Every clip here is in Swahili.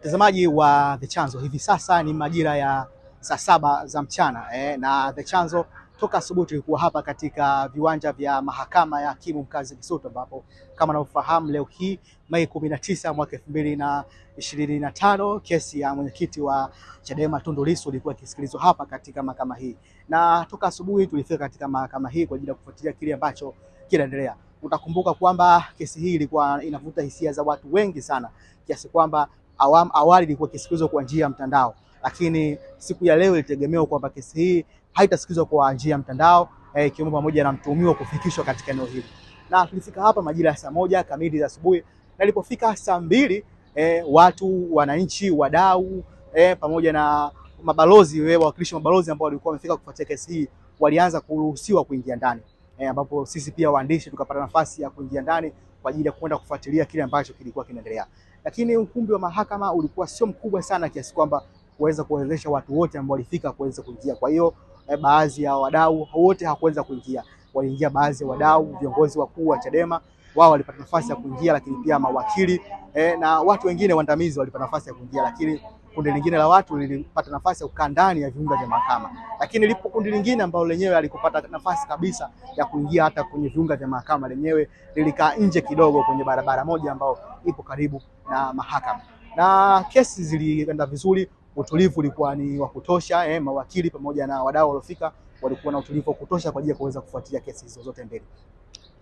Mtazamaji wa The Chanzo, hivi sasa ni majira ya saa saba za mchana eh, na The Chanzo toka asubuhi tulikuwa hapa katika viwanja vya mahakama ya hakimu mkazi Kisutu, ambapo kama unavyofahamu leo hii Mei kumi na tisa mwaka elfu mbili na ishirini na tano kesi ya mwenyekiti wa Chadema Tundu Lissu ilikuwa ikisikilizwa hapa katika mahakama hii, na toka asubuhi tulifika katika mahakama hii kwa ajili ya kufuatilia kile ambacho kinaendelea. Utakumbuka kwamba kesi hii ilikuwa inavuta hisia za watu wengi sana kiasi kwamba awam, awali ilikuwa ikisikilizwa kwa njia ya mtandao, lakini siku ya leo ilitegemewa kwamba kesi hii haitasikilizwa kwa njia ya mtandao eh, ikiwemo eh, pamoja na mtuhumiwa kufikishwa katika eneo hili. Na tulifika hapa majira ya saa moja kamili za asubuhi, na ilipofika saa mbili eh, watu wananchi, wadau eh, pamoja na mabalozi wewe eh, wawakilishi mabalozi ambao walikuwa wamefika kufuatia kesi hii walianza kuruhusiwa kuingia ndani e, ambapo sisi pia waandishi tukapata nafasi ya kuingia ndani kwa ajili ya kwenda kufuatilia kile ambacho kilikuwa kinaendelea lakini ukumbi wa mahakama ulikuwa sio mkubwa sana kiasi kwamba kuweza kuwezesha watu wote ambao walifika kuweza kuingia. Kwa hiyo eh, baadhi ya wadau wote hawakuweza kuingia, waliingia baadhi ya wadau, viongozi wakuu wa Chadema wao walipata nafasi ya kuingia, lakini pia mawakili eh, na watu wengine waandamizi walipata nafasi ya kuingia, lakini kundi lingine la watu lilipata nafasi ya kukaa ndani ya viunga vya mahakama, lakini lipo kundi lingine ambalo lenyewe alikupata nafasi kabisa ya kuingia hata kwenye viunga vya mahakama, lenyewe lilikaa nje kidogo kwenye barabara moja ambayo ipo karibu na mahakama, na kesi zilienda vizuri. Utulivu ulikuwa ni wa kutosha eh, mawakili pamoja na wadau waliofika walikuwa na utulivu wa kutosha kwa ajili ya kuweza kufuatilia kesi hizo zote mbili,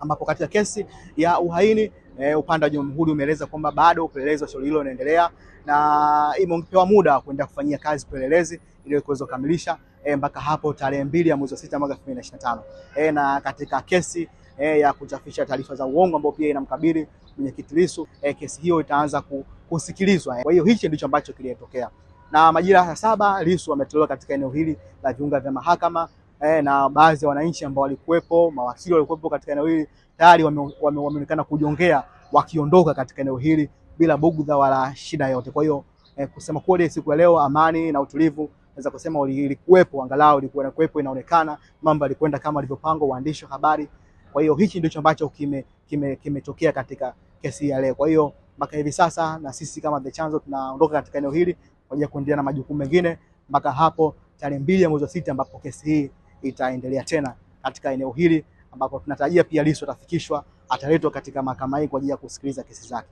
ambapo katika kesi ya uhaini E, upande wa jamhuri umeeleza kwamba bado upelelezi wa shauri hilo unaendelea na imepewa muda wa kuenda kufanyia kazi upelelezi ili kuweza kukamilisha e, mpaka hapo tarehe mbili ya mwezi wa sita mwaka 2025. E, eh, na katika kesi e, ya kuchafisha taarifa za uongo ambayo pia inamkabili mwenyekiti Lissu e, kesi hiyo itaanza kusikilizwa. Kwa hiyo hichi ndicho ambacho kilitokea na majira ya saba Lissu ametolewa katika eneo hili la viunga vya mahakama eh, na baadhi ya wananchi ambao walikuwepo, mawakili walikuwepo katika eneo hili tayari wameonekana wame, wame kujongea wakiondoka katika eneo hili bila bugudha wala shida yote. Kwa hiyo eh, kusema kweli, siku ya leo amani na utulivu naweza kusema ilikuwepo, angalau ilikuwa na kuwepo, inaonekana mambo yalikwenda kama alivyopangwa waandishi wa habari. Kwa hiyo hichi ndicho ambacho kime kimetokea kime katika kesi ya leo. Kwa hiyo mpaka hivi sasa na sisi kama The Chanzo tunaondoka katika eneo hili kwa ajili ya kuendelea na majukumu mengine mpaka hapo tarehe mbili ya mwezi wa sita ambapo kesi hii itaendelea tena katika eneo hili ambapo tunatarajia pia Lissu atafikishwa, ataletwa katika mahakama hii kwa ajili ya kusikiliza kesi zake.